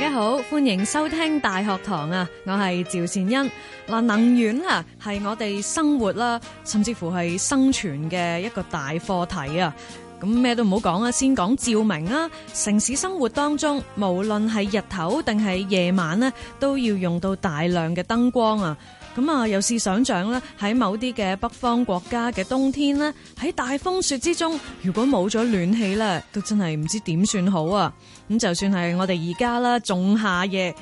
大家好，歡迎收聽大學堂啊！我係趙善恩嗱，能源啊係我哋生活啦，甚至乎係生存嘅一個大課題啊！咁咩都唔好講啊，先講照明啊！城市生活當中，無論係日頭定係夜晚呢，都要用到大量嘅燈光啊！咁啊，有試想象啦，喺某啲嘅北方國家嘅冬天呢，喺大風雪之中，如果冇咗暖氣咧，都真係唔知點算好啊！咁就算係我哋而家啦，仲夏夜。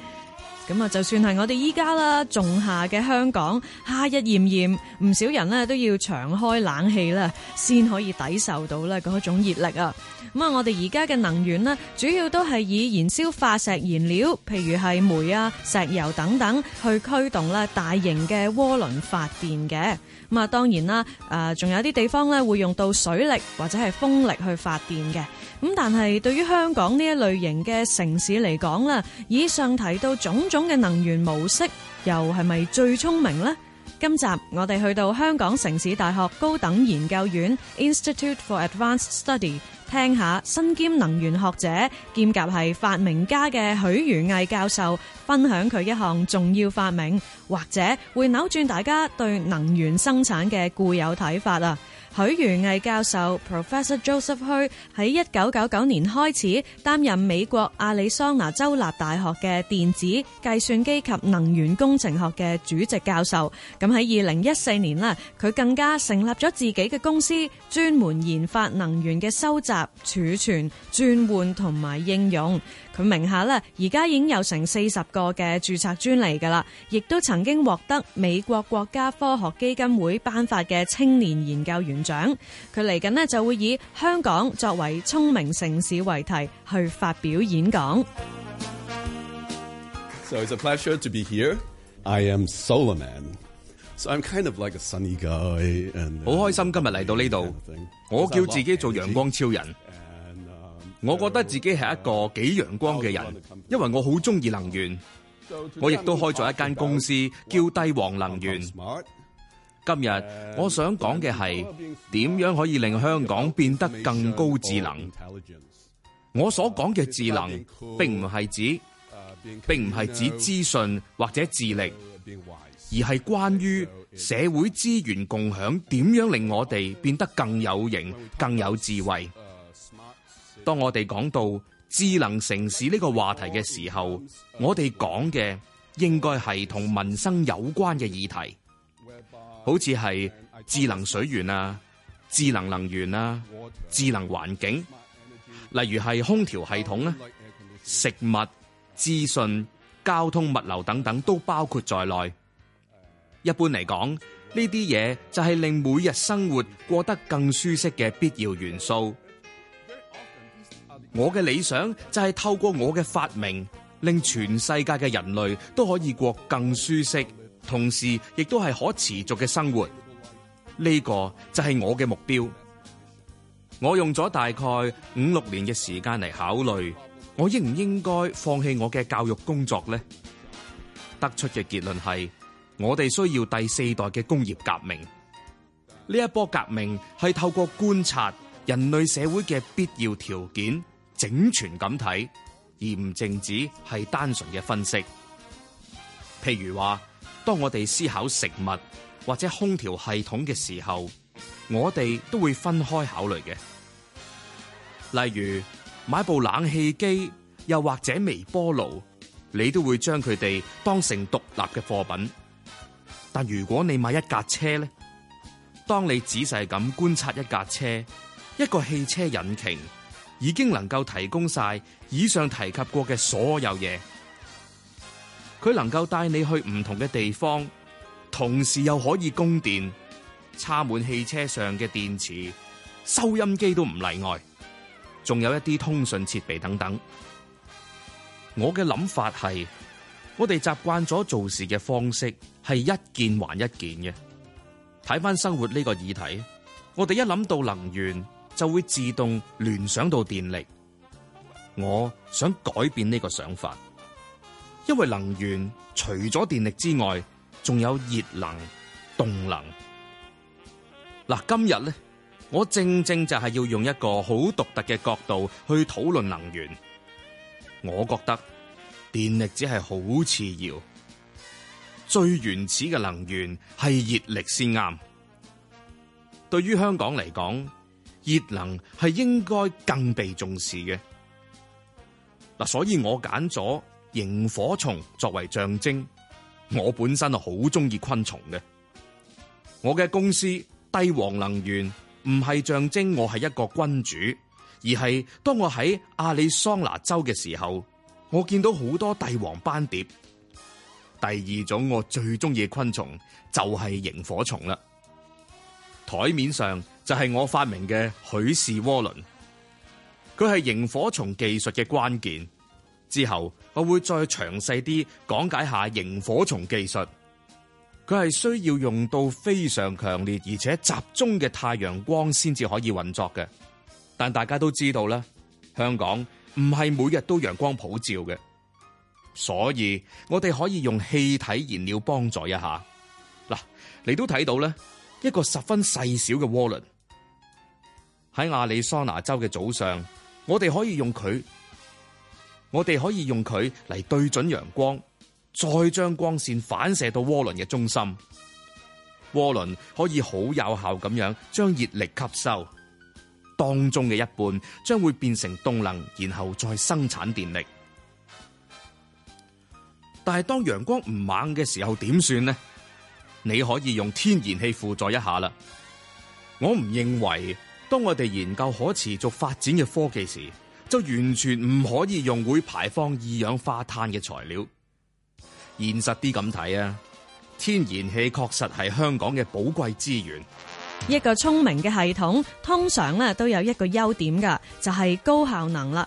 咁啊，就算係我哋依家啦，仲夏嘅香港，夏日炎炎，唔少人呢都要長開冷氣啦，先可以抵受到呢嗰種熱力啊！咁啊，我哋而家嘅能源呢，主要都係以燃燒化石燃料，譬如係煤啊、石油等等，去驅動啦大型嘅渦輪發電嘅。咁啊，當然啦，誒，仲有啲地方咧會用到水力或者係風力去發電嘅。咁但係對於香港呢一類型嘅城市嚟講啦，以上提到種種嘅能源模式，又係咪最聰明呢？今集我哋去到香港城市大學高等研究院 Institute for Advanced Study，聽下身兼能源學者兼夾係發明家嘅許如藝教授分享佢一項重要發明，或者會扭轉大家對能源生產嘅固有睇法啊！許如藝教授 Professor Joseph Hui 喺一九九九年開始擔任美國亞里桑那州立大學嘅電子、計算機及能源工程學嘅主席教授在2014，咁喺二零一四年啦，佢更加成立咗自己嘅公司，專門研發能源嘅收集、儲存、轉換同埋應用。佢名下咧，而家已經有成四十個嘅註冊專利噶啦，亦都曾經獲得美國國家科學基金會頒發嘅青年研究員獎。佢嚟緊呢，就會以香港作為聰明城市為題去發表演講。So it's a pleasure to be here. I am Solar Man. So I'm kind of like a sunny guy. And 好開心今日嚟到呢度，kind of 我叫自己做陽光超人。我覺得自己係一個幾陽光嘅人，因為我好中意能源。我亦都開咗一間公司，叫帝王能源。今日我想講嘅係點樣可以令香港變得更高智能。我所講嘅智能並唔係指並唔係指資訊或者智力，而係關於社會資源共享點樣令我哋變得更有型、更有智慧。當我哋講到智能城市呢個話題嘅時候，我哋講嘅應該係同民生有關嘅議題，好似係智能水源啊、智能能源啊、智能環境，例如係空調系統啊、食物、資訊、交通、物流等等，都包括在內。一般嚟講，呢啲嘢就係令每日生活過得更舒適嘅必要元素。我嘅理想就係透過我嘅發明，令全世界嘅人類都可以過更舒適，同時亦都係可持續嘅生活。呢個就係我嘅目標。我用咗大概五六年嘅時間嚟考慮，我應唔應該放棄我嘅教育工作呢？得出嘅結論係，我哋需要第四代嘅工業革命。呢一波革命係透過觀察人類社會嘅必要條件。整全咁睇，而唔淨止係單純嘅分析。譬如話，當我哋思考食物或者空調系統嘅時候，我哋都會分開考慮嘅。例如買部冷氣機，又或者微波爐，你都會將佢哋當成獨立嘅貨品。但如果你買一架車呢，當你仔細咁觀察一架車，一個汽車引擎。已經能夠提供晒以上提及過嘅所有嘢，佢能夠帶你去唔同嘅地方，同時又可以供電，插滿汽車上嘅電池，收音機都唔例外，仲有一啲通訊設備等等。我嘅諗法係，我哋習慣咗做事嘅方式係一件還一件嘅。睇翻生活呢個議題，我哋一諗到能源。就會自動聯想到電力。我想改變呢個想法，因為能源除咗電力之外，仲有熱能、動能。嗱，今日呢，我正正就係要用一個好獨特嘅角度去討論能源。我覺得電力只係好次要，最原始嘅能源係熱力先啱。對於香港嚟講。熱能係應該更被重視嘅。嗱，所以我揀咗螢火蟲作為象徵。我本身啊好中意昆蟲嘅，我嘅公司帝王能源唔係象徵我係一個君主，而係當我喺亞利桑那州嘅時候，我見到好多帝王斑蝶。第二種我最中意昆蟲就係螢火蟲啦。台面上。就係我發明嘅許氏渦輪，佢係螢火蟲技術嘅關鍵。之後我會再詳細啲講解一下螢火蟲技術。佢係需要用到非常強烈而且集中嘅太陽光先至可以運作嘅。但大家都知道啦，香港唔係每日都陽光普照嘅，所以我哋可以用氣體燃料幫助一下。嗱，你都睇到咧，一個十分細小嘅渦輪。喺亞里桑那州嘅早上，我哋可以用佢，我哋可以用佢嚟對準陽光，再將光線反射到渦輪嘅中心，渦輪可以好有效咁樣將熱力吸收，當中嘅一半將會變成動能，然後再生產電力。但係當陽光唔猛嘅時候，點算呢？你可以用天然氣輔助一下啦。我唔認為。當我哋研究可持續發展嘅科技時，就完全唔可以用會排放二氧化碳嘅材料。現實啲咁睇啊，天然氣確實係香港嘅寶貴資源。一個聰明嘅系統通常咧都有一個優點噶，就係、是、高效能啦。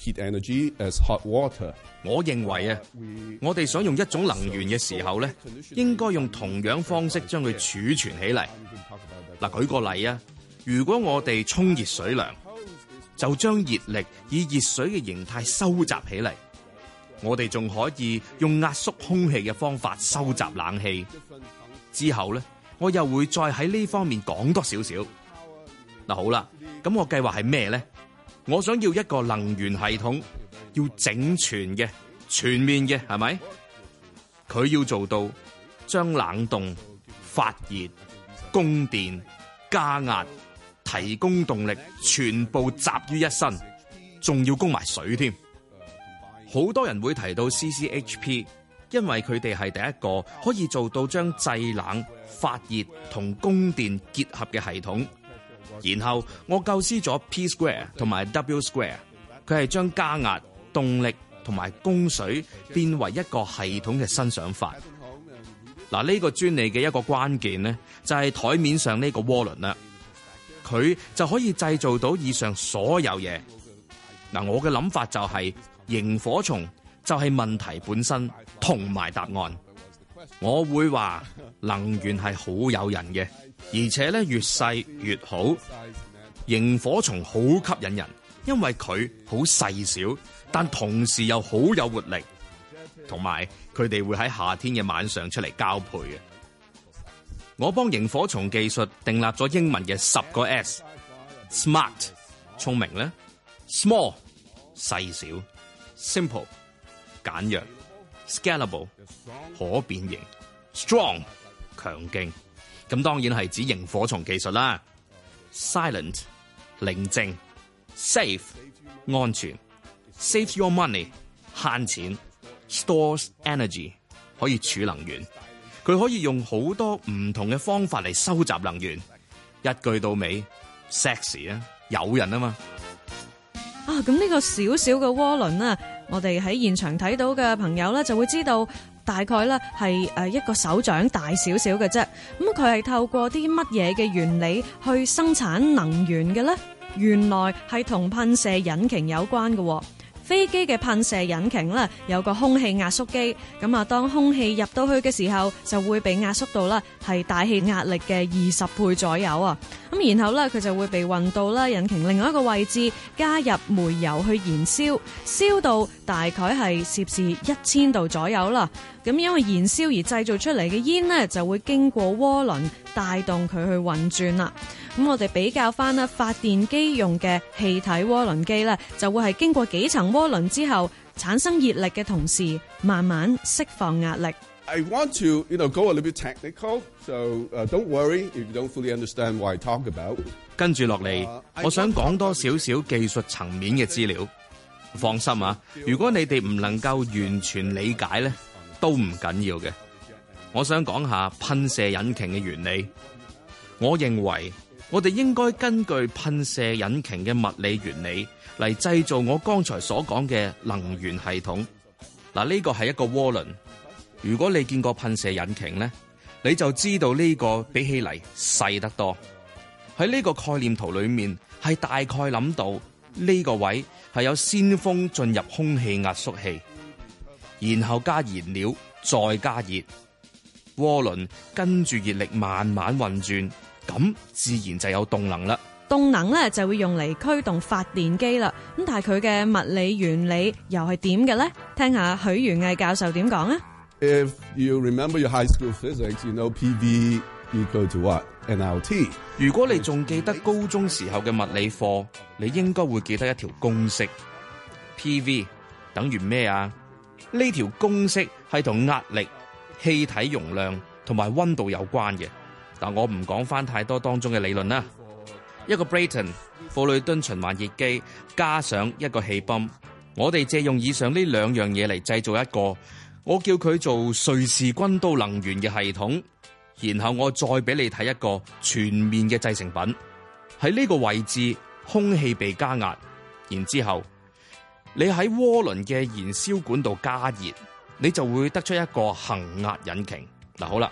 heat energy as hot water。我認為啊，我哋想用一種能源嘅時候咧，應該用同樣方式將佢儲存起嚟。嗱，舉個例啊，如果我哋沖熱水涼，就將熱力以熱水嘅形態收集起嚟。我哋仲可以用壓縮空氣嘅方法收集冷氣。之後咧，我又會再喺呢方面講多少少。嗱，好啦，咁我計劃係咩咧？我想要一個能源系統，要整全嘅、全面嘅，係咪？佢要做到將冷凍、發熱、供電、加壓、提供動力，全部集於一身，仲要供埋水添。好多人會提到 CCHP，因為佢哋係第一個可以做到將製冷、發熱同供電結合嘅系統。然後我構思咗 P square 同埋 W square，佢係將加壓、動力同埋供水變為一個系統嘅新想法。嗱，呢個專利嘅一個關鍵呢，就係台面上呢個渦輪啦，佢就可以製造到以上所有嘢。嗱，我嘅諗法就係、是、螢火蟲就係問題本身同埋答案。我會話能源係好誘人嘅，而且咧越細越好。螢火蟲好吸引人，因為佢好細小，但同時又好有活力，同埋佢哋會喺夏天嘅晚上出嚟交配啊！我幫螢火蟲技術訂立咗英文嘅十個 S：smart 聰明咧，small 細小，simple 簡約。scalable 可變形，strong 強勁，咁當然係指螢火蟲技術啦。silent 寧靜，safe 安全，save your money 慳錢，stores energy 可以儲能源，佢可以用好多唔同嘅方法嚟收集能源。一句到尾，sexy 啊，有人啊嘛。啊，咁呢個小小嘅渦輪啊！我哋喺現場睇到嘅朋友呢，就會知道大概呢係一個手掌大少少嘅啫。咁佢係透過啲乜嘢嘅原理去生產能源嘅呢？原來係同噴射引擎有關嘅。飛機嘅噴射引擎咧，有個空氣壓縮機，咁啊，當空氣入到去嘅時候，就會被壓縮到啦，係大氣壓力嘅二十倍左右啊！咁然後咧，佢就會被運到啦引擎另外一個位置，加入煤油去燃燒，燒到大概係攝氏一千度左右啦。咁因為燃燒而製造出嚟嘅煙呢，就會經過渦輪帶動佢去運轉啦。咁我哋比較翻咧，發電機用嘅氣體渦輪機咧，就會係經過幾層渦輪之後，產生熱力嘅同時，慢慢釋放壓力。I want to go a little bit technical, so don't worry if you don't fully understand what I talk about。跟住落嚟，我想講多少少技術層面嘅資料。放心啊，如果你哋唔能夠完全理解呢，都唔緊要嘅，我想講下噴射引擎嘅原理。我認為我哋應該根據噴射引擎嘅物理原理嚟製造我剛才所講嘅能源系統。嗱，呢個係一個渦輪。如果你見過噴射引擎呢，你就知道呢個比起嚟細得多。喺呢個概念圖裏面，係大概諗到呢個位係有先鋒進入空氣壓縮器。然後加燃料，再加熱，渦輪跟住熱力慢慢運轉，咁自然就有動能啦。動能咧就會用嚟驅動發電機啦。咁但係佢嘅物理原理又係點嘅咧？聽下許如藝教授點講啊！If you remember your high school physics, you know P V equal to what N L T。如果你仲記得高中時候嘅物理課，你應該會記得一條公式，P V 等於咩啊？呢條公式係同壓力、氣體容量同埋溫度有關嘅，但我唔講翻太多當中嘅理論啦。一個布雷頓霍雷敦循環熱機加上一個氣泵，我哋借用以上呢兩樣嘢嚟製造一個，我叫佢做瑞士軍刀能源嘅系統，然後我再俾你睇一個全面嘅製成品。喺呢個位置，空氣被加壓，然之後。你喺渦輪嘅燃燒管道加熱，你就會得出一個恆壓引擎。嗱，好啦，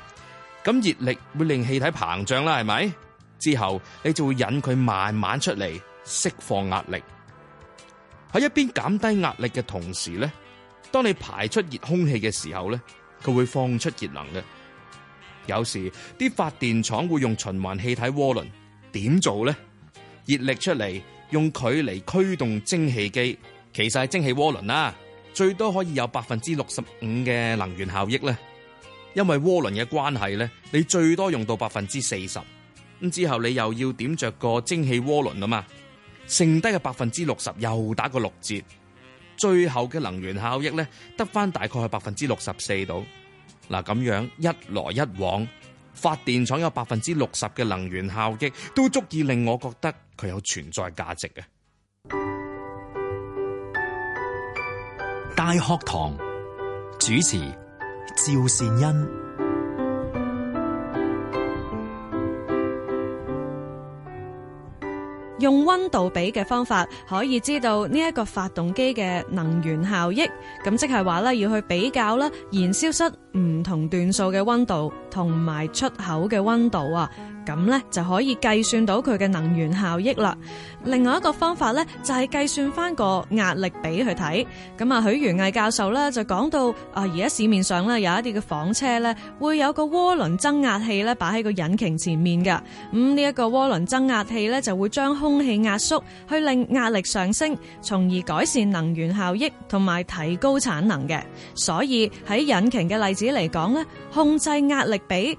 咁熱力會令氣體膨脹啦，係咪？之後你就會引佢慢慢出嚟釋放壓力。喺一邊減低壓力嘅同時咧，當你排出熱空氣嘅時候咧，佢會放出熱能嘅。有時啲發電廠會用循環氣體渦輪，點做咧？熱力出嚟用佢嚟驅動蒸汽機。其實係蒸汽渦輪啦，最多可以有百分之六十五嘅能源效益咧，因為渦輪嘅關係咧，你最多用到百分之四十，咁之後你又要點着個蒸汽渦輪啊嘛，剩低嘅百分之六十又打個六折，最後嘅能源效益咧得翻大概係百分之六十四度。嗱咁樣一來一往，發電廠有百分之六十嘅能源效益，都足以令我覺得佢有存在價值嘅。大學堂主持趙善恩，用溫度比嘅方法可以知道呢一個發動機嘅能源效益。咁即係話啦，要去比較啦，燃燒室唔同段數嘅溫度同埋出口嘅溫度啊。咁咧就可以計算到佢嘅能源效益啦。另外一個方法咧就係計算翻個壓力比去睇。咁啊，許如藝教授咧就講到啊，而家市面上咧有一啲嘅房車咧會有個渦輪增壓器咧擺喺個引擎前面嘅。咁呢一個渦輪增壓器咧就會將空氣壓縮，去令壓力上升，從而改善能源效益同埋提高產能嘅。所以喺引擎嘅例子嚟講咧，控制壓力比。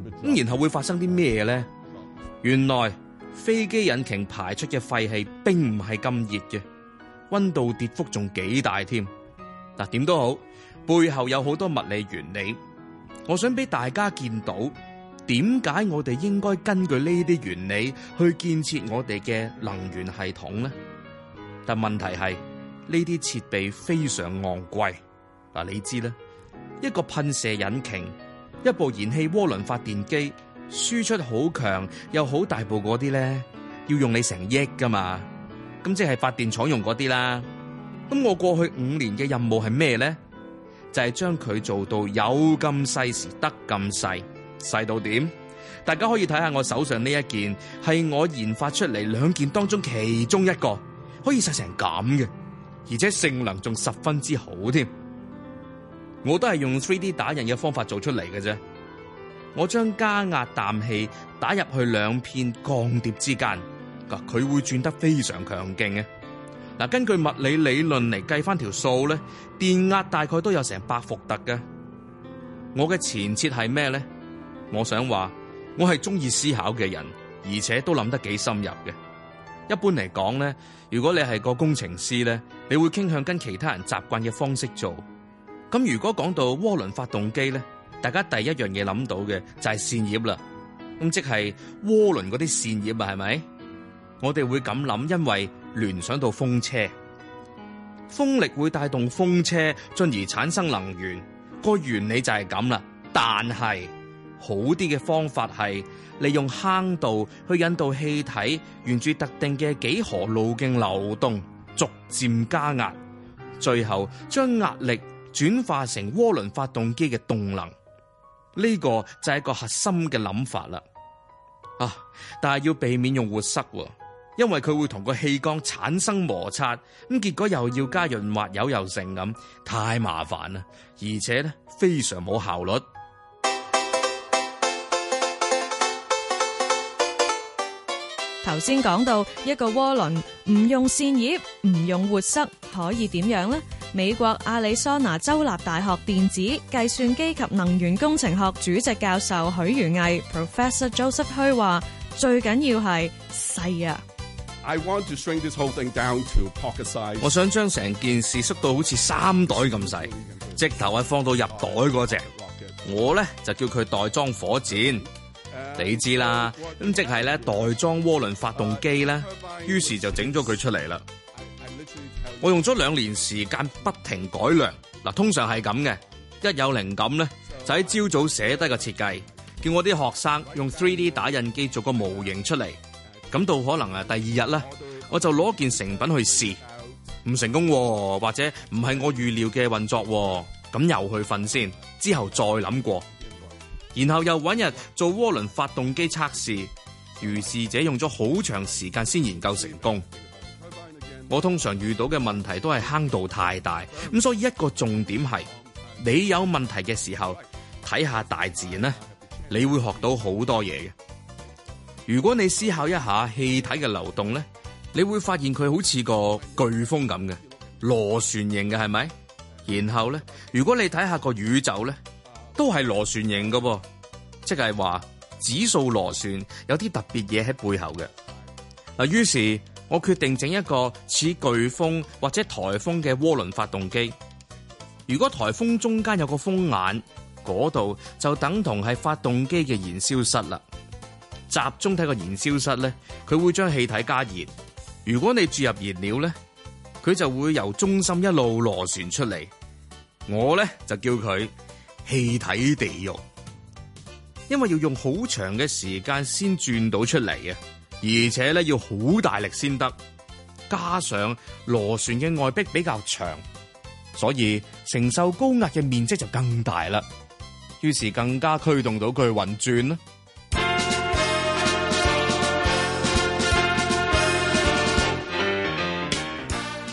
咁然後會發生啲咩咧？原來飛機引擎排出嘅廢氣並唔係咁熱嘅，溫度跌幅仲幾大添。嗱，點都好，背後有好多物理原理，我想俾大家見到點解我哋應該根據呢啲原理去建設我哋嘅能源系統咧。但問題係呢啲設備非常昂貴。嗱，你知啦，一個噴射引擎。一部燃氣渦輪發電機輸出好強又好大部嗰啲咧，要用你成億噶嘛？咁即係發電廠用嗰啲啦。咁我過去五年嘅任務係咩咧？就係將佢做到有咁細時得咁細，細到點？大家可以睇下我手上呢一件，係我研發出嚟兩件當中其中一個，可以細成咁嘅，而且性能仲十分之好添。我都係用 3D 打印嘅方法做出嚟嘅啫。我將加壓氮氣打入去兩片鋼碟之間，佢會轉得非常強勁嘅。嗱，根據物理理，理論嚟計翻條數咧，電壓大概都有成百伏特嘅。我嘅前設係咩咧？我想話我係中意思考嘅人，而且都諗得幾深入嘅。一般嚟講咧，如果你係個工程師咧，你會傾向跟其他人習慣嘅方式做。咁如果講到渦輪發動機咧，大家第一樣嘢諗到嘅就係扇葉啦。咁即係渦輪嗰啲扇葉啊，係咪？我哋會咁諗，因為聯想到風車，風力會帶動風車，進而產生能源。個原理就係咁啦。但係好啲嘅方法係利用坑道去引導氣體沿住特定嘅幾何路徑流動，逐漸加壓，最後將壓力。轉化成渦輪發動機嘅動能，呢個就係一個核心嘅諗法啦。啊，但係要避免用活塞，因為佢會同個氣缸產生摩擦，咁結果又要加潤滑油又剩咁，太麻煩啦，而且咧非常冇效率。頭先講到一個渦輪唔用扇葉、唔用活塞，可以點樣咧？美國亞利桑那州立大學電子計算機及能源工程學主席教授許如藝 Professor Joseph Hui 話：最緊要係細啊！I want to shrink this whole thing down to pocket size. 我想將成件事縮到好似三袋咁細，直頭係放到入袋嗰隻。我咧就叫佢袋裝火箭，你知啦。咁即係咧袋裝渦輪發動機咧，於是就整咗佢出嚟啦。我用咗兩年時間不停改良，嗱，通常係咁嘅。一有靈感咧，就喺朝早寫低個設計，叫我啲學生用 3D 打印機做個模型出嚟。咁到可能啊，第二日咧，我就攞件成品去試，唔成功啊，或者唔係我預料嘅運作啊，咁又去瞓先，之後再諗過，然後又揾日做渦輪發動機測試。如是者用咗好長時間先研究成功。我通常遇到嘅問題都係坑度太大，咁所以一個重點係你有問題嘅時候睇下大自然，咧，你會學到好多嘢嘅。如果你思考一下氣體嘅流動咧，你會發現佢好似個颶風咁嘅螺旋形嘅係咪？然後咧，如果你睇下個宇宙咧，都係螺旋形嘅噃，即係話指數螺旋有啲特別嘢喺背後嘅嗱。於是。我決定整一個似颶風或者颱風嘅渦輪發動機。如果颱風中間有個風眼，嗰度就等同係發動機嘅燃燒室啦。集中睇個燃燒室咧，佢會將氣體加熱。如果你注入燃料咧，佢就會由中心一路螺旋出嚟。我咧就叫佢氣體地獄，因為要用好長嘅時間先轉到出嚟啊！而且咧要好大力先得，加上螺旋嘅外壁比較長，所以承受高壓嘅面積就更大啦。於是更加驅動到佢運轉啦。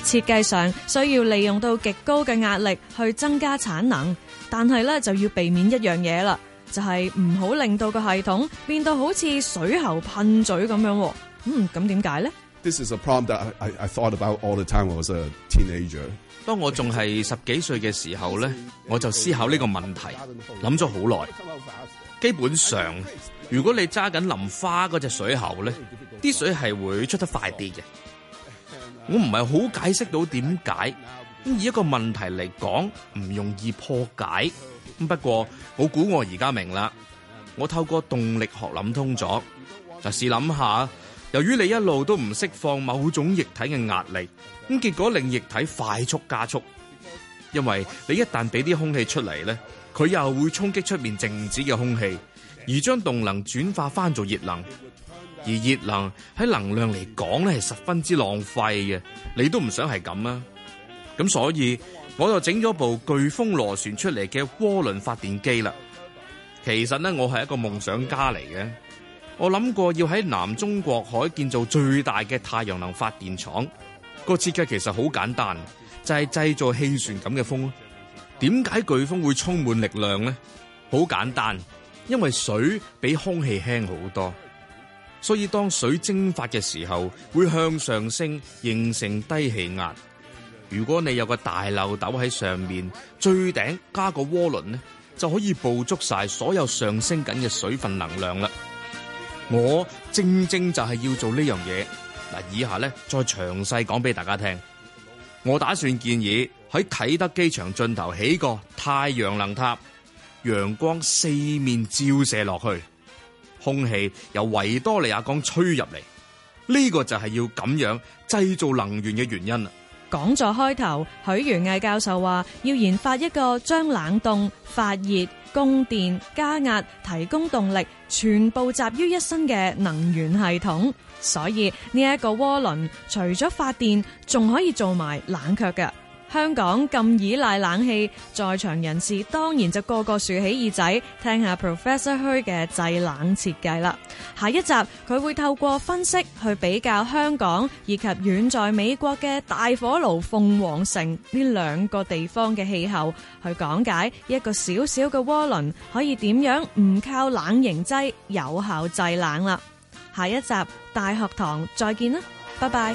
設計上需要利用到極高嘅壓力去增加產能，但係咧就要避免一樣嘢啦。就係唔好令到個系統變到好似水喉噴嘴咁樣，嗯，咁點解咧？This is a problem that I, I, I thought about all the time when I was a teenager. 當我仲係十幾歲嘅時候咧，我就思考呢個問題，諗咗好耐。基本上，如果你揸緊淋花嗰隻水喉咧，啲水係會出得快啲嘅。我唔係好解釋到點解，咁以一個問題嚟講，唔容易破解。不過我估我而家明啦，我透過動力學諗通咗。就試諗下，由於你一路都唔釋放某種液體嘅壓力，咁結果令液體快速加速。因為你一旦俾啲空氣出嚟咧，佢又會衝擊出面靜止嘅空氣，而將動能轉化翻做熱能。而熱能喺能量嚟講咧係十分之浪費嘅，你都唔想係咁啊。咁所以。我就整咗部颶風螺旋出嚟嘅渦輪發電機啦。其實呢，我係一個夢想家嚟嘅。我諗過要喺南中國海建造最大嘅太陽能發電廠。個設計其實好簡單，就係、是、製造氣旋咁嘅風。點解颶風會充滿力量呢？好簡單，因為水比空氣輕好多，所以當水蒸發嘅時候，會向上升，形成低氣壓。如果你有個大漏斗喺上面，最頂加個渦輪呢，就可以捕捉晒所有上升緊嘅水分能量啦。我正正就係要做呢樣嘢，嗱，以下咧再詳細講俾大家聽。我打算建議喺啟德機場盡頭起個太陽能塔，陽光四面照射落去，空氣由維多利亞港吹入嚟，呢個就係要咁樣製造能源嘅原因。講座開頭，許如藝教授話：要研發一個將冷凍、發熱、供電、加壓、提供動力，全部集於一身嘅能源系統。所以呢一個渦輪，除咗發電，仲可以做埋冷卻嘅。香港咁以賴冷氣，在場人士當然就個個豎起耳仔聽下 Professor 區嘅制冷設計啦。下一集佢會透過分析去比較香港以及遠在美國嘅大火爐鳳凰城呢兩個地方嘅氣候，去講解一個小小嘅渦輪可以點樣唔靠冷凝劑有效製冷啦。下一集大學堂再見啦，拜拜。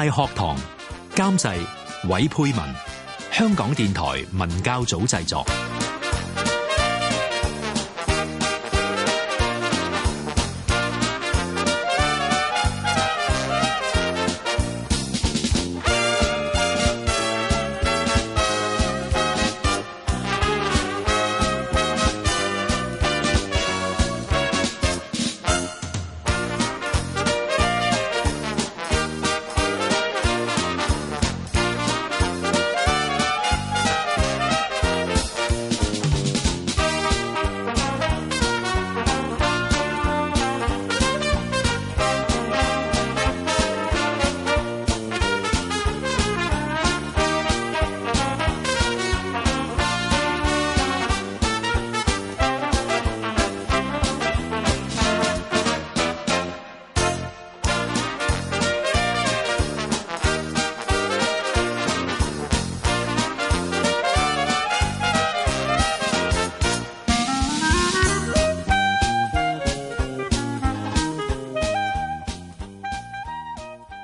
大學堂監製韋佩文，香港電台文教組製作。